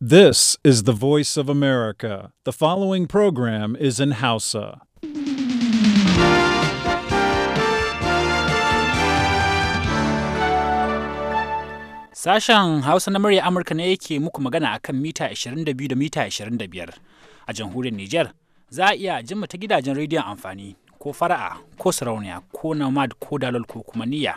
This is the voice of America. The following program is in Hausa. Sashen Hausa na murya Amurka ne yake muku magana a kan mita 22 da mita 25 a jamhuriyar Nijar. Za a iya jin mu ta gidajen rediyon amfani ko fara'a ko sarauniya ko namad ko dalol ko kuma niyya.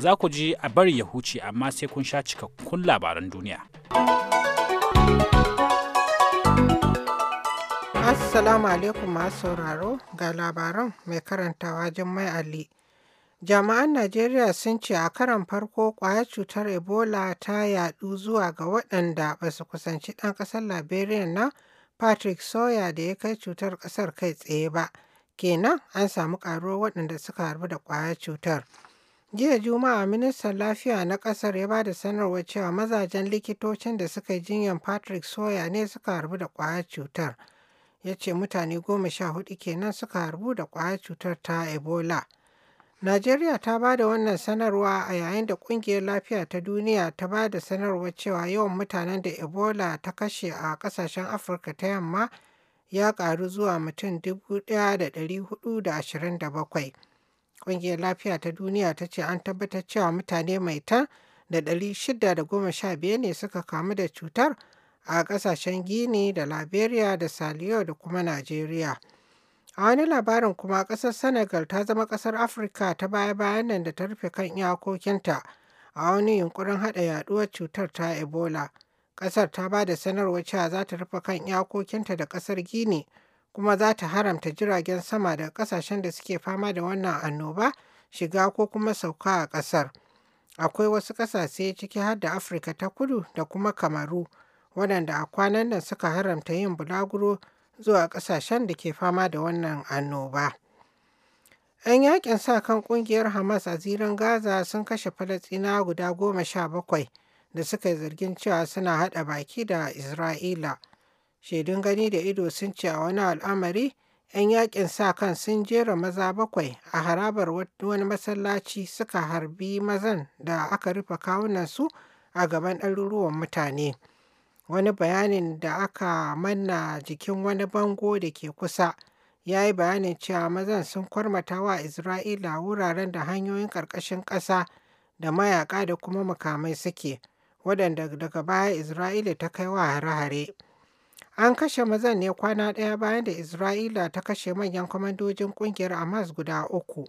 za ku ji a bari ya huce amma sai kun sha cikakkun labaran duniya. Assalamu alaikum masu sauraro ga labaran mai karantawa Jummai Ali. jama'an Najeriya sun ce a karan farko kwayar cutar Ebola ta yadu zuwa ga waɗanda ba su kusanci ɗan ƙasar Liberia na Patrick Sawyer da ya kai cutar ƙasar kai tsaye ba. Kenan an samu ƙaruwar waɗanda suka harbu da kwayar cutar. Jiya Juma'a ministan lafiya na kasar ya ba da sanarwar cewa mazajen likitocin da suka yi jinyar Patrick Soya ne suka harbu da kwayar cutar. Ya ce mutane goma sha hudu kenan suka harbu da kwayar cutar ta Ebola. Najeriya ta ba da wannan sanarwa a yayin da kungiyar lafiya ta duniya ta ba da sanarwar cewa yawan mutanen da Ebola ta kashe a kasashen Afirka ta yamma ya karu zuwa mutum 1427. Ƙungiyar Lafiya ta Duniya ta ce an tabbatar cewa mutane mai ta da ɗari shida da goma sha biyar ne suka kamu da cutar a ƙasashen Gini da Liberia da Saliyo da kuma Najeriya. A wani labarin kuma ƙasar Senegal ta zama ƙasar Afirka ta baya-bayan nan da ta rufe kan iyakokinta a wani yunkurin haɗa yaɗuwar cutar ta Ebola. Ƙasar ta ba da sanarwar cewa za ta rufe kan iyakokinta da ƙasar Gini kuma za ta haramta jiragen sama daga kasashen da suke fama da wannan annoba shiga ko kuma sauka a ƙasar. Akwai wasu ƙasashe ciki har da Afirka ta kudu da kuma Kamaru waɗanda a kwanan nan suka haramta yin bulaguro zuwa ƙasashen da ke fama da wannan annoba. 'Yan yakin sa kan ƙungiyar Hamas a ziran Gaza sun kashe Falasɗina guda goma sha bakwai da suka yi zargin cewa suna haɗa baki da Isra'ila. Shaidun gani da ido sun ce a wani al'amari, 'yan yakin sa kan sun jera maza bakwai a harabar wani masallaci suka harbi mazan da aka rufe kawunan su a gaban ɗaruruwan mutane. Wani bayanin da aka manna jikin wani bango da ke kusa ya yi bayanin cewa mazan sun kwarmata wa Isra'ila wuraren da hanyoyin ƙarƙashin ƙasa da mayaƙa da kuma mukamai suke, waɗanda daga baya Isra'ila ta kai wa hare-hare. An kashe mazan ne kwana ɗaya bayan da Isra'ila ta kashe manyan kwamandojin ƙungiyar Hamas guda uku.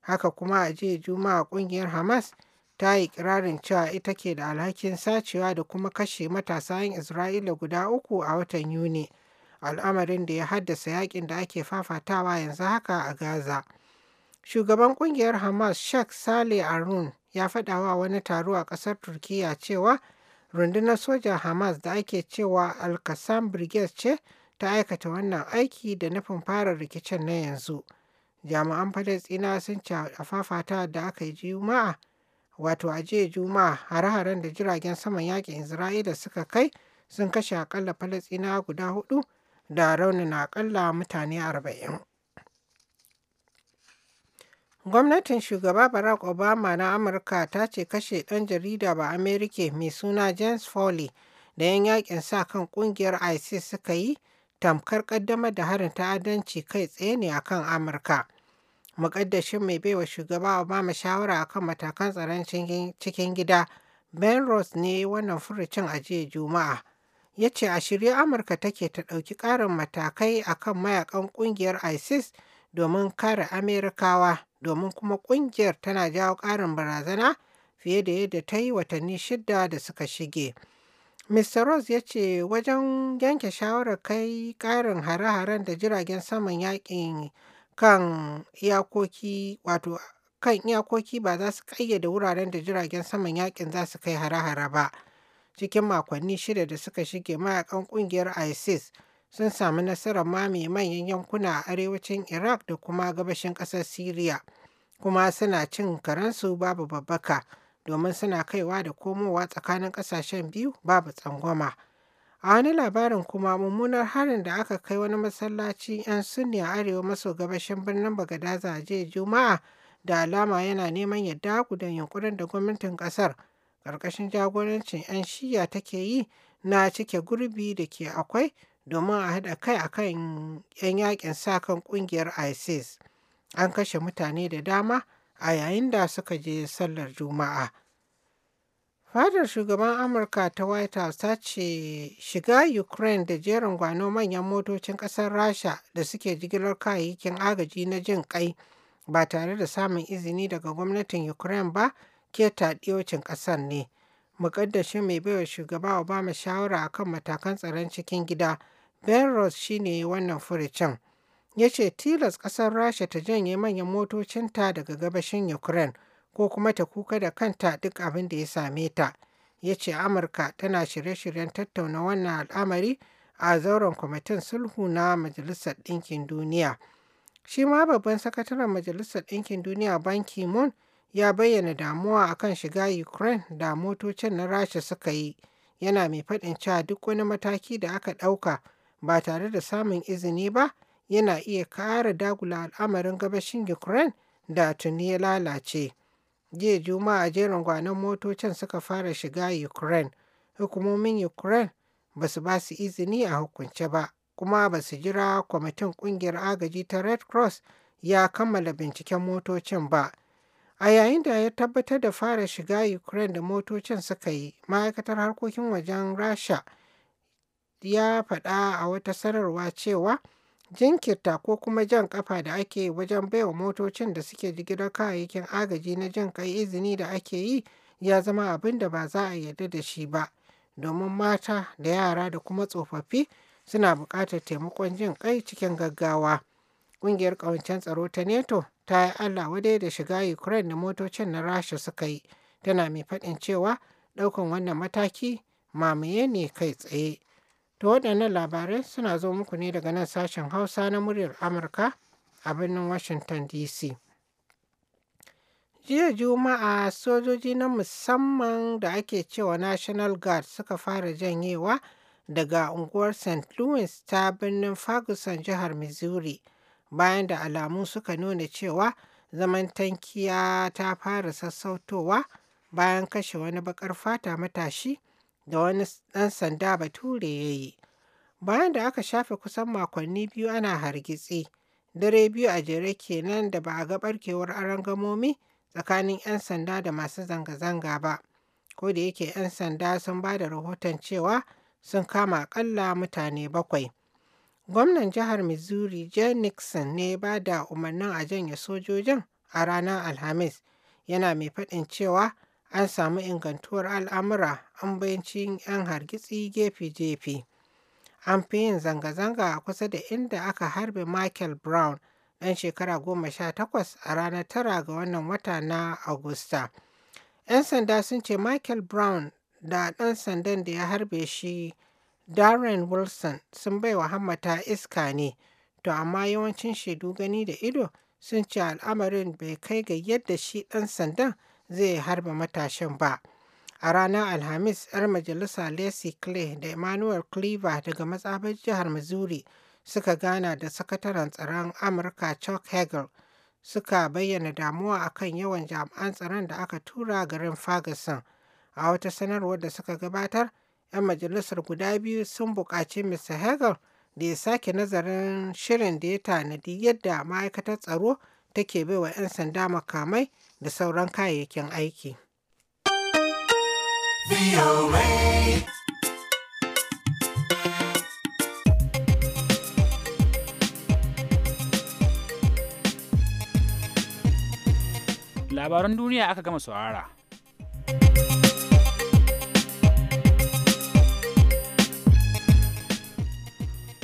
Haka kuma a jiya Juma'a ƙungiyar Hamas ta yi ƙirarin cewa ita ke da alhakin sacewa da kuma kashe matasa 'yan Isra'ila guda uku a watan Yuni, al'amarin da ya haddasa yakin da ake fafatawa yanzu haka a Gaza. Shugaban ƙungiyar Hamas Sheikh sale Arun ya faɗawa wani taro a ƙasar Turkiyya cewa rundunar soja, hamas da ake cewa al-qassam ce ta aikata wannan aiki da nufin fara rikicin na yanzu jami'an falastina sun ci a da aka yi juma'a wato a jiya juma'a hare-haren da jiragen saman yaƙin isra'ila suka kai sun kashe akalla Falasina guda hudu da raunin akalla mutane arba'in Gwamnatin Shugaba Barack Obama na Amurka ta ce kashe ɗan jarida ba Amerika mai suna James Foley da 'yan yakin sa kan ƙungiyar ISIS suka yi tamkar ƙaddamar da harin ta'addanci kai tsaye ne akan Amurka. Muƙaddashin mai baiwa shugaba Obama shawara akan matakan tsaron cikin gida Ben Ross ne wannan furucin a jiya Juma'a. Ya ce a shirye Amurka take ta ɗauki ƙarin matakai akan mayakan ƙungiyar ISIS domin kare Amerikawa domin kuma ƙungiyar tana jawo ƙarin barazana fiye da yadda ta yi watanni shida da suka shige. Mr. Rose ya ce wajen yanke shawarar kai ƙarin hare-haren da jiragen saman yakin kan iyakoki wato kan iyakoki ba za su ƙayyade wuraren da jiragen saman yakin za su kai hare-hare ba. Cikin makonni shida da suka shige mayakan ƙungiyar ISIS sun samu nasarar mame manyan yankuna a arewacin Iraq da kuma gabashin ƙasar Siriya, kuma suna cin karensu babu babbaka domin suna kaiwa da komowa tsakanin ƙasashen biyu babu tsangwama. A wani labarin kuma mummunar harin da aka kai wani masallaci 'yan sunni a arewa maso gabashin birnin Bagadaza a Juma'a da alama yana neman ya dagu don yunkurin da gwamnatin ƙasar ƙarƙashin jagorancin 'yan shiya take yi na cike gurbi da ke akwai domin a haɗa kai a kan 'yan yakin sa kan ƙungiyar isis an kashe mutane da dama a yayin da suka je sallar juma'a fadar shugaban amurka ta white house ta ce shiga ukraine da jerin gwano manyan motocin ƙasar rasha da suke jigilar kayayyakin agaji na jin kai ba tare da samun izini daga gwamnatin ukraine ba ke taɗiyocin ƙasar ne muƙaddashin mai baiwa shugaba obama shawara akan matakan tsaron cikin gida Belrose shi ne wannan furucin. Ya ce tilas ƙasar Rasha ta janye manyan motocinta daga gabashin Ukraine ko kuma ta kuka da kanta duk abin da ya same ta. Ya ce Amurka tana shirye-shiryen tattauna wannan al'amari a zauren kwamitin sulhu na Majalisar Ɗinkin Duniya. Shi ma babban sakataren Majalisar Ɗinkin Duniya Ban Ki-moon ya bayyana damuwa akan shiga Ukraine da motocin na Rasha suka yi, yana mai faɗin cewa duk wani mataki da aka ɗauka ba tare da samun izini ba yana iya kara dagula al'amarin gabashin Ukraine da tuni ya lalace. Jiya Juma'a jerin gwanon motocin suka fara shiga Ukraine. Hukumomin Ukraine ba su ba su izini a hukunce ba, kuma ba su jira kwamitin ƙungiyar agaji ta Red Cross ya kammala binciken motocin ba. A yayin da ya tabbatar da fara shiga Ukraine da motocin suka yi, ma'aikatar harkokin wajen Rasha ya faɗa a wata sanarwa cewa jinkirta ko kuma jan kafa da ake yi wajen baiwa motocin da suke jigilar kayayyakin agaji na jin kai izini da ake yi ya zama abin da ba za a yarda da shi ba domin mata da yara da kuma tsofaffi suna buƙatar taimakon jin kai cikin gaggawa ƙungiyar ƙawancen tsaro ta neto ta yi allah wadai da shiga ukraine da motocin na rasha suka yi tana mai faɗin cewa ɗaukan wannan mataki mamaye ne kai tsaye To waɗannan labarai suna zo muku ne daga nan sashen Hausa na muryar Amurka a birnin Washington DC. Jiya Juma'a sojoji na musamman da ake cewa National Guard suka fara janyewa daga unguwar St. Louis ta birnin Ferguson jihar Missouri bayan da alamu suka nuna cewa zaman tankiya ta fara sassautowa bayan kashe wani bakar fata matashi da wani ɗan sanda bature ya yi bayan da aka shafe kusan makonni biyu ana hargitsi dare biyu a jere kenan da ba a ga barkewar gamomi tsakanin 'yan sanda da masu zanga-zanga ba ko da yake 'yan sanda sun ba da rahoton cewa sun kama akalla mutane bakwai gwamnan jihar missouri jen nixon ne ba da umarnin a janye sojojin a ranar alhamis yana mai faɗin cewa an samu ingantuwar al'amura an bayanci 'yan hargitsi gefe-gefe. An fi yin zanga-zanga a kusa da inda aka harbe Michael Brown ɗan shekara goma sha takwas a ranar tara ga wannan wata na Agusta. 'Yan sanda sun ce Michael Brown da ɗan sandan da ya harbe shi Darren Wilson sun baiwa hammata iska ne, to amma yawancin shaidu gani da ido sun ce al'amarin bai kai ga yadda shi ɗan sandan zai harba matashin ba. A ranar Alhamis, 'yar majalisa Lacey Clay da Emmanuel Cleaver daga matsabar jihar Missouri suka gana da sakataren tsaron Amurka Chuck Hagel suka bayyana damuwa akan yawan jami'an tsaron da aka tura garin Ferguson. A wata sanarwar da suka gabatar, 'yan majalisar guda biyu sun buƙaci Mr. Hagel da ya sake nazarin shirin da ya tanadi yadda ma'aikatar tsaro take baiwa 'yan sanda makamai da sauran kayayyakin aiki. Labaran duniya aka gama saurara.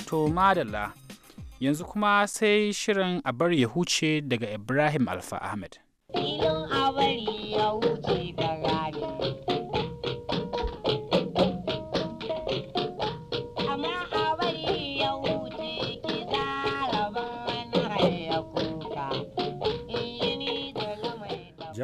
To madalla, yanzu kuma sai shirin a bar ya huce daga Ibrahim Alfa Ahmed.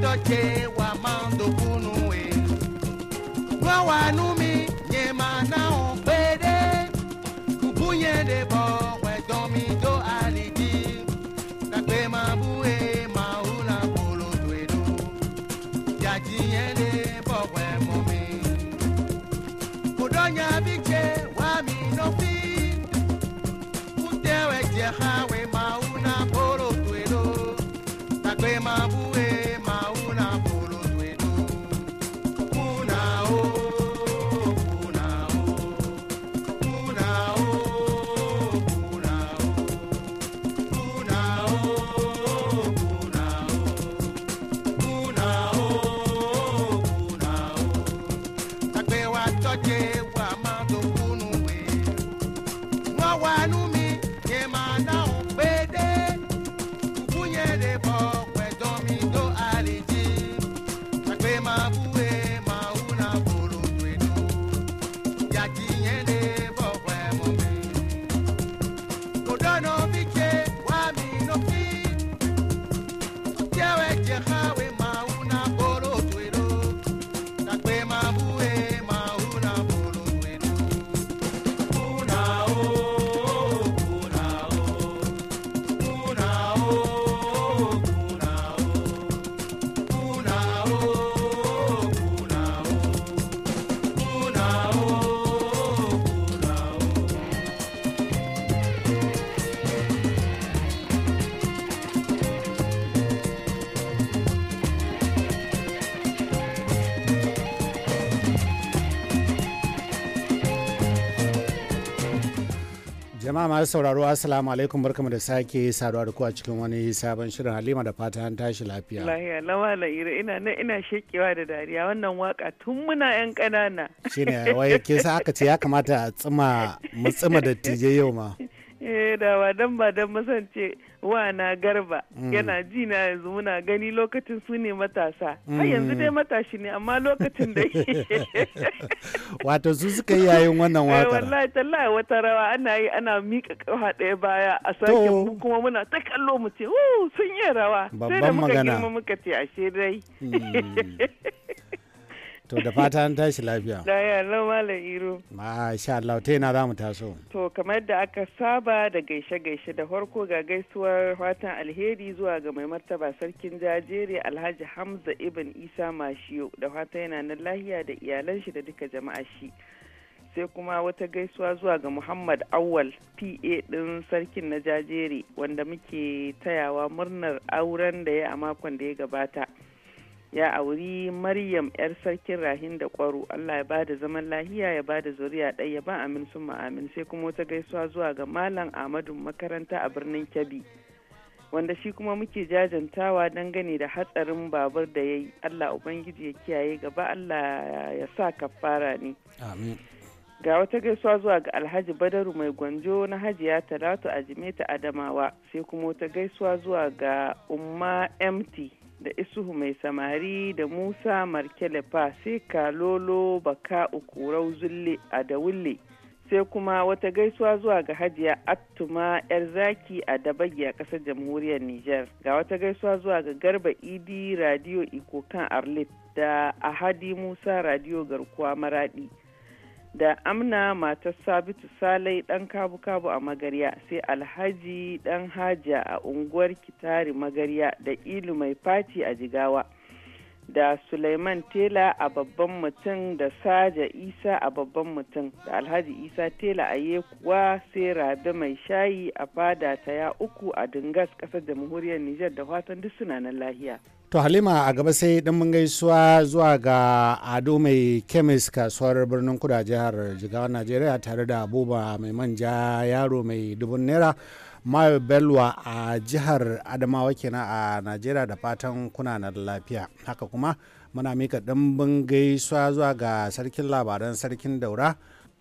toche wa mando kunuwe. wa wanumi nye mana ompede kubunye de we domi do alidi na pe ma bue ma ula polo duedo ya jiye bo we momi kudonya biche wa mi no fi kutewe je we. masu sauraro assalamu alaikum barkamu da sake saduwa da kuwa a cikin wani sabon shirin halima da fata an tashi lafiya lahiya lawa la'ira ina na ina shekewa da dariya wannan waka tun muna yan kanana shine wai ke sa aka ce ya kamata a tsima mu tsima da tije yau ma eh da ba dan ba dan masance wana garba mm. yana ji na yanzu muna gani lokacin su ne matasa har mm. yanzu dai matashi ne amma lokacin da wato su suka yi yayin wannan eh, wakar wallahi tallahi wata rawa ana yi ana mika kafa ɗaya baya a sake mu kuma muna ta kallo mu ce sun yi rawa sai da muka girma muka ce ashe dai hmm. To da fata an tashi lafiya. ya Malam Iro. Masha Allah ta yana za taso. To kamar da aka saba da gaishe-gaishe da farko ga gaisuwar fatan alheri zuwa ga mai martaba sarkin jajere Alhaji Hamza Ibn Isa Mashiyo da fata yana nan lahiya da iyalan shi da duka jama'a shi. Sai kuma wata gaisuwa zuwa ga Muhammad Awal PA ɗin sarkin na jajere wanda muke tayawa murnar auren da ya a makon da ya gabata. ya auri maryam yar sarkin rahin da kwaro allah ya bada zaman lahiya ya bada zuriya ɗaya ya ba amin sun amin sai kuma wata gaisuwa zuwa ga malam ahmadu makaranta a birnin kebbi wanda shi kuma muke jajantawa dangane da hatsarin babur da ya yi allah ubangiji ya kiyaye gaba allah ya sa kafara ne amin ga wata gaisuwa zuwa ga alhaji badaru mai gwanjo na hajiya talatu a jimeta adamawa sai kuma wata gaisuwa zuwa ga umma mt da isuhu mai samari da musa markele fa sai baka ukurau zulle a da wulle sai kuma wata gaisuwa zuwa ga hajiya attuma yar zaki a dabagi a ƙasar jamhuriyar niger ga wata gaisuwa zuwa ga garba idi radio ikokan arlit da ahadi musa radio garkuwa maradi da amna matar sabitu salai dan kabu-kabu a magarya sai alhaji dan haja a unguwar kitari magarya da ilu mai fati a jigawa da suleiman tela a babban mutum da saja isa a babban mutum da alhaji isa tela a yekuwa sai rabe mai shayi a fada ta ya uku a dingas kasar jamhuriyar nijar da fatan duk suna nan lahiya To Halima a gaba sai dan mun gaisuwa zuwa ga Ado mai kemis kasuwar birnin kuda jihar Jigawa Najeriya tare da Abuba mai manja yaro mai dubun naira Mayo Belwa a jihar Adamawa kenan a Najeriya da fatan kuna na lafiya. Haka kuma muna mika dimbin gaisuwa zuwa ga sarkin labaran sarkin daura.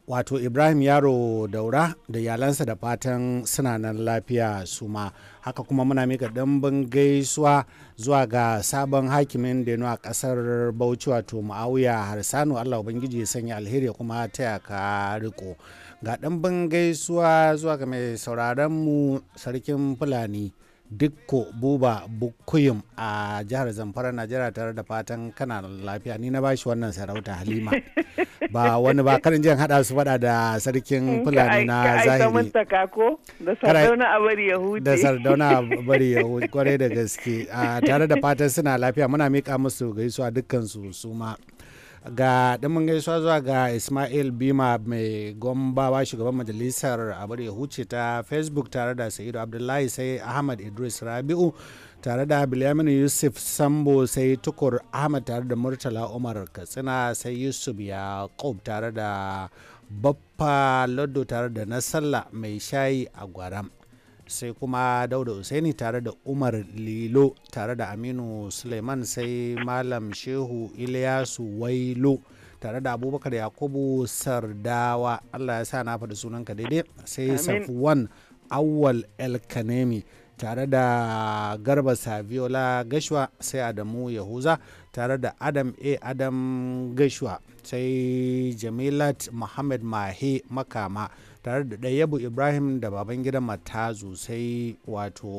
wato ibrahim yaro daura da yalansa da fatan suna nan lafiya su ma haka kuma muna mika dambin gaisuwa zuwa ga sabon hakimin da a ƙasar bauchi wato ma'auya harsanu allah ubangiji ya sanya alheri kuma ta yaka riko ga ɗimbin gaisuwa zuwa ga mai sauraron mu sarkin fulani dukko buba bukuyum a jihar zamfara najeriya tare da fatan kana lafiya ni na bashi wannan sarauta halima ba wani ba karin jin hada su fada da sarkin fulani na zahiri da sardauna a bari yahudi kwarai da gaske tare da fatan suna lafiya muna mika musu gaisuwa dukkan su su ma ga ɗimin gaisuwa zuwa ga ismail bima mai gombawa shugaban majalisar abar ya huce ta facebook tare da sa'idu abdullahi sai ahmad idris rabi'u tare da bilyamin yusuf sambo sai tukur ahmad tare da murtala umar katsina sai yusuf yaqub tare da baffa lodo tare da nasalla mai shayi a gwaram sai kuma dauda usaini tare da umar lilo tare da aminu suleiman sai malam shehu ilyasu wailo tare da abubakar yakubu sardawa allah ya sa na faɗi sunanka daidai sai safwan awwal elkanemi tare da garba saviola gashwa sai adamu yahuza tare da adam a adam gashwa sai jamilat muhammad mahe makama tare da ɗaya yabo ibrahim da baban gidan matazu sai wato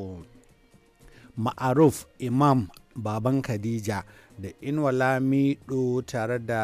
ma'aruf imam baban khadija da inwala mido tare da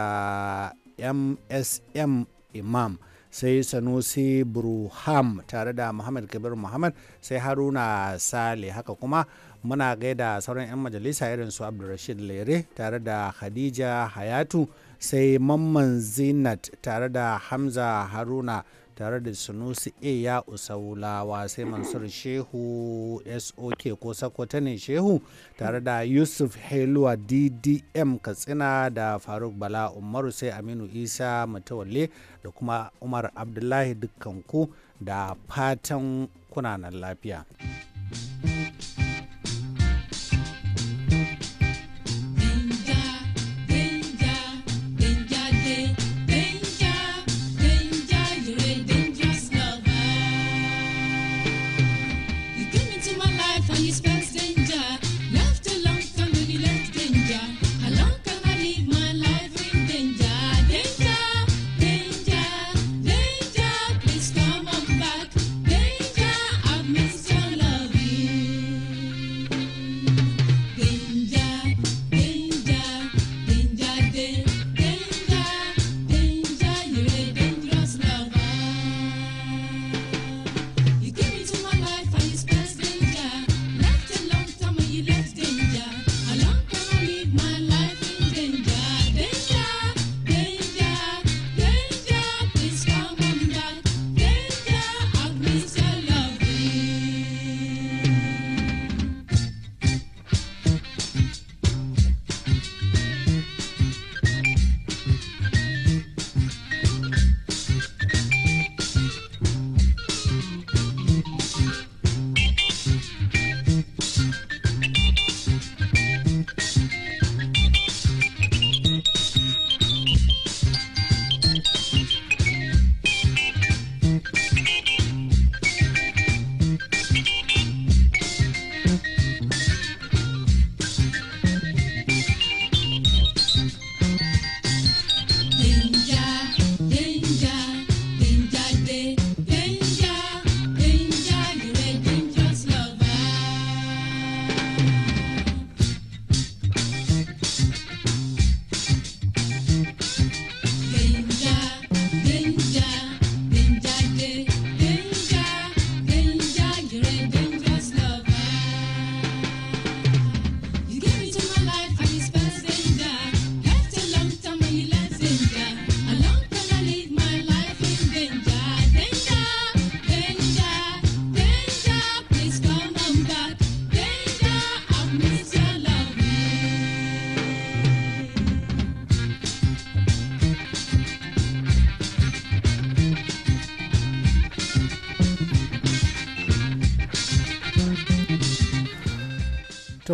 msm imam sai sanusi burham tare da muhammad kabir muhammad sai haruna sale haka kuma muna gaida sauran 'yan majalisa irin su abdulrashid lere tare da khadija hayatu sai mamman zinat tare da hamza haruna tare da sunusi a ya usaulawa sai mansur shehu sok ko sakwata ne shehu tare da yusuf heluwa ddm katsina da faruk bala umaru sai aminu isa matawalle da kuma umar abdullahi dukkan da fatan kunanan lafiya.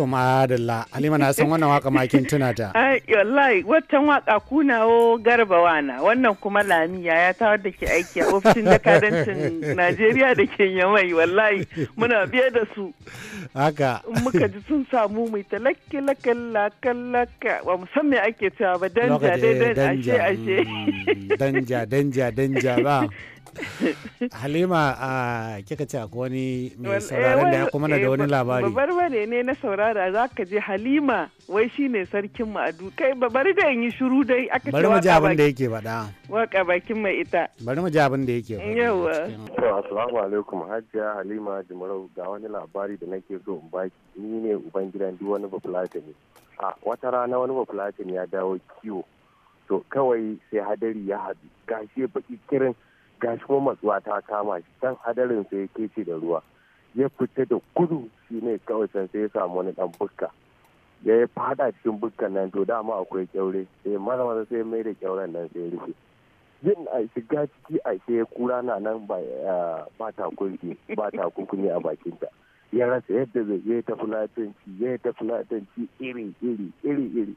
To la Halima na san wannan waka makin tuna ta. Wallahi waccan waka kunawo garbawa na wannan kuma lami ya tawar da ke aiki a ofishin jakadancin Najeriya da ke yamai wallahi muna biye da su. Haka. Muka ji sun samu mai talakki lakalla kallaka ba mu ake cewa ba danja dai ashe ashe. Mm, danja danja danja ba. halima a kika ce akwai wani mai eh, sauraron da ya kuma da wani eh, labari babar bane ne na saurara za ka je halima wai shi ne sarkin ma'adu kai babar da yi shiru dai aka ce bari mu ji abin da yake faɗa waka bakin mai ita bari mu ji abin da yake faɗa yawa to assalamu alaikum hajiya halima jimarau ga wani labari da nake so in baki ni ne uban gidan duk wani bafulatani a wata rana wani bafulatani ya dawo kiwo to kawai sai hadari ya haɗu gashi baki kirin gashi kuma matsuwa ta kama shi can hadarin sai ya ce da ruwa ya fita da gudu shi ne kawai can sai ya samu wani dan bukka ya yi fada cikin bukkan nan to dama akwai kyaure sai eh, maza sai mai da kyauren nan sai rufe yin a shiga ciki a ke kura na nan ba ta kunki ba kunkuni a bakinta ya rasa yadda zai yi ta fulatanci ya ta fulatanci iri iri iri iri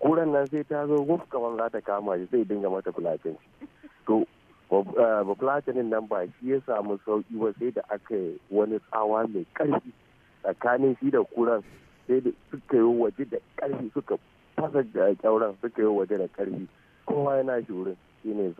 kuran nan sai ta zo wuf kamar za ta kama shi sai dinga mata fulatanci to bafulatanin eh, nan ba shi ya samu sauki ba sai da aka yi wani tsawa mai karfi tsakanin shi da kuran sai da suka yi waje da karfi suka fasa kyauran suka yi waje da karfi kowa yana shi shi ne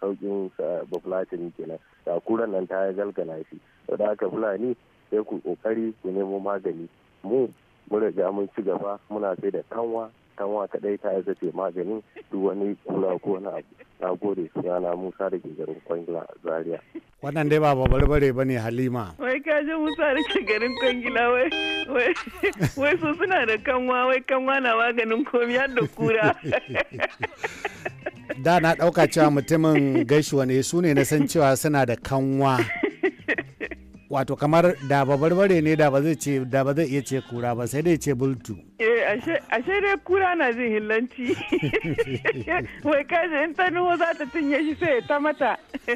saukin eh, eh, bafulatani kenan da kuran nan ta galgala shi da aka fulani sai ku kokari ku nemo magani mu mun riga mun ci gaba muna sai da kanwa kanwa kaɗai ta yi ce maganin duk wani kula ko wani abu na gode suna musa da ke garin kwangila a zaria wannan dai ba barbare ba ne halima wai ka ji musa da ke garin kwangila wai su suna da kanwa wai kanwa na maganin komi har da kura da na ɗauka cewa mutumin gaishuwa ne su ne na san cewa suna da kanwa wato kamar da babarbare ne da ba zai iya ce kura ba sai dai ce bultu Eh, ashe dai kura na jin hillanci. Wai kaji in ta nuho za ta tunye shi sai ta mata.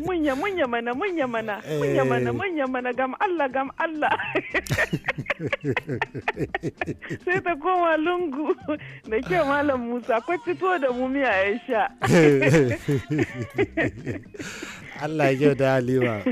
Munya munya mana munya mana munya mana eh. munya mana gam Allah gam Allah. Sai ta koma lungu da kyau Malam Musa ko fito da mu miya ya sha. Allah ya da Halima.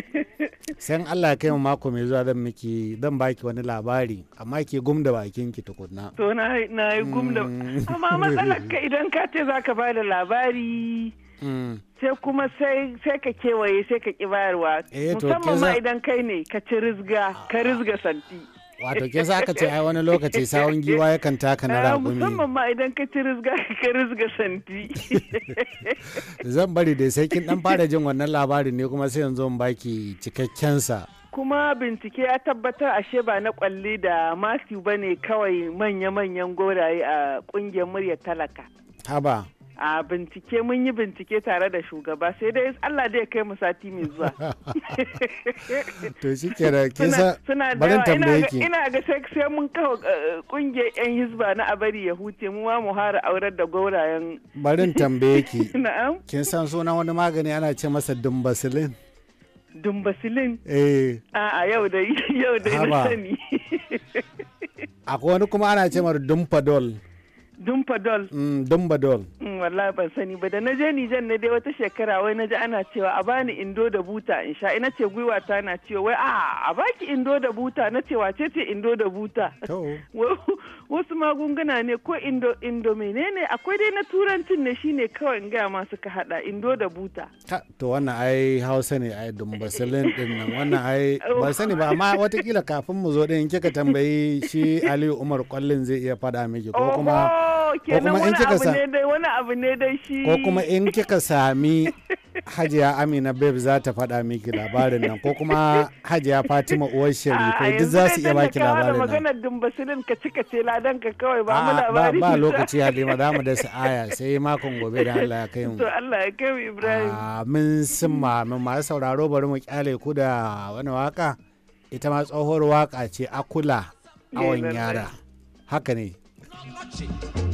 San Allah ya kai mu mako mai zuwa zan miki zan baki wani labari amma ke gum da baki. jikin ki tukunna to na na yi gumda mm. amma matsalar ka idan ka ce za ka ba da labari mm. sai kuma sai ka kewaye sai ka ki bayarwa eh, musamman ma idan kai ne ka ci rizga ka rizga santi wato ke sa ka ce ai wani lokaci sawun giwa yakan taka na eh, raƙumi musamman ma idan ka ci rizga ka rizga santi zan bari dai sai kin dan fara jin wannan labarin ne kuma sai yanzu in baki cikakken sa kuma bincike ya tabbatar ashe ba na kwalli da matthew ba ne kawai manya-manyan goraye a kungiyar muryar talaka haba a bincike mun yi bincike tare da shugaba sai dai Allah dai kai mu sati mai zuwa to shi kira kisa barin tambaye ki ina ga sai sai mun kawo kungiyar eh, yan hizba na abari ya huce mu ma mu hara aurar da gaurayen barin tambaye ki na'am kin san sunan wani magani ana ce masa dumbasilin dumbasilin eh a yau da yau da na sani akwai wani kuma ana ce mara dumpadol dumpadol mm dumpadol mm wallahi ban sani ba da na je ni jan na dai wata shekara wai na ji ana cewa a bani indo da buta in sha ina ce gwiwa ta na cewa wai a a baki indo da buta na ce wace ce indo da buta to wasu magunguna ne ko indo indo akwai dai na turancin ne shine kawai in gaya masu ka hada indo da buta to wannan ai hausa ne ai basalin din nan wannan ai ba sani ba amma watakila kafin mu zo din kika tambayi shi aliyu umar kwallin zai iya faɗa miki ko kuma ko kuma in kika sa wani abu ne da shi ko kuma in kika sami hajiya amina babe za ta faɗa miki labarin nan ko kuma hajiya fatima uwar shari ko duk za su iya baki labarin nan maganar dumbasirin ka cika ce ladan ka kawai ba mu labari ba lokaci halima za mu da su aya sai makon gobe da Allah ya kai mu to Allah ya kai mu ibrahim mun summa mun ma sauraro bari mu kyale ku da wani waka ita ma tsohuwar waka ce akula awon eh, yara haka ne Thank you.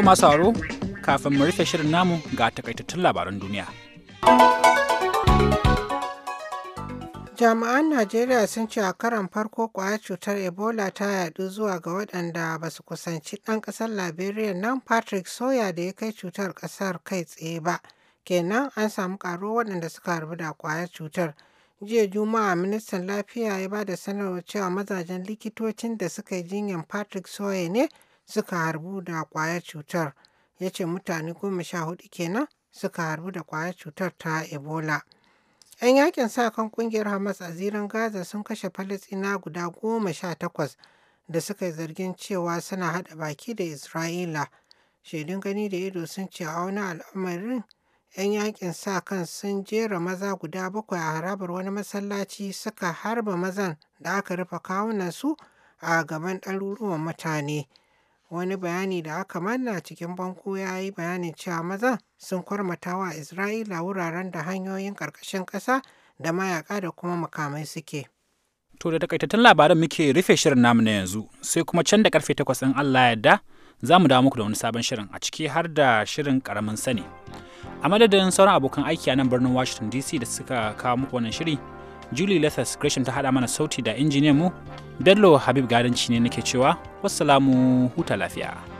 To masu sauraro kafin mu rufe shirin namu ga takaitattun labaran duniya. Jami'an Najeriya sun ce a karan farko kwayar cutar Ebola ta yadu zuwa ga waɗanda ba su kusanci ɗan ƙasar Liberia nan Patrick Soya da ya kai cutar ƙasar kai tsaye ba. Kenan an samu ƙaro waɗanda suka harbu da kwayar cutar. Jiya Juma'a ministan lafiya ya ba da sanarwa cewa mazajen likitocin da suka yi jinyar Patrick Soya ne suka harbu da kwaya cutar ya ce mutane goma sha hudu kenan suka harbu da kwaya cutar ta ebola 'yan yakin sa kan kungiyar hamas a ziran gaza sun kashe falastina guda goma sha takwas da suka yi zargin cewa suna haɗa baki da isra'ila shaidun gani da ido sun ce a wani al'amarin 'yan yakin sa kan sun jera maza guda bakwai a harabar wani masallaci suka harba mazan da aka rufe kawunan su a gaban ɗaruruwan mutane wani bayani da aka manna cikin banku ya yi bayanin cewa maza sun kwarmata wa isra'ila wuraren da hanyoyin ƙarƙashin ƙasa da mayaka da kuma makamai suke to da takaitattun labaran muke rufe shirin namu na yanzu sai kuma can da karfe takwas in allah yadda za mu dawo muku da wani sabon shirin a ciki har da shirin karamin sani a madadin sauran abokan aiki a nan birnin washington dc da suka kawo muku wannan shiri Julie Lethas Gresham ta haɗa mana sauti da injiniyan mu, Bello Habib Gadanci ne nake cewa, wassalamu huta lafiya.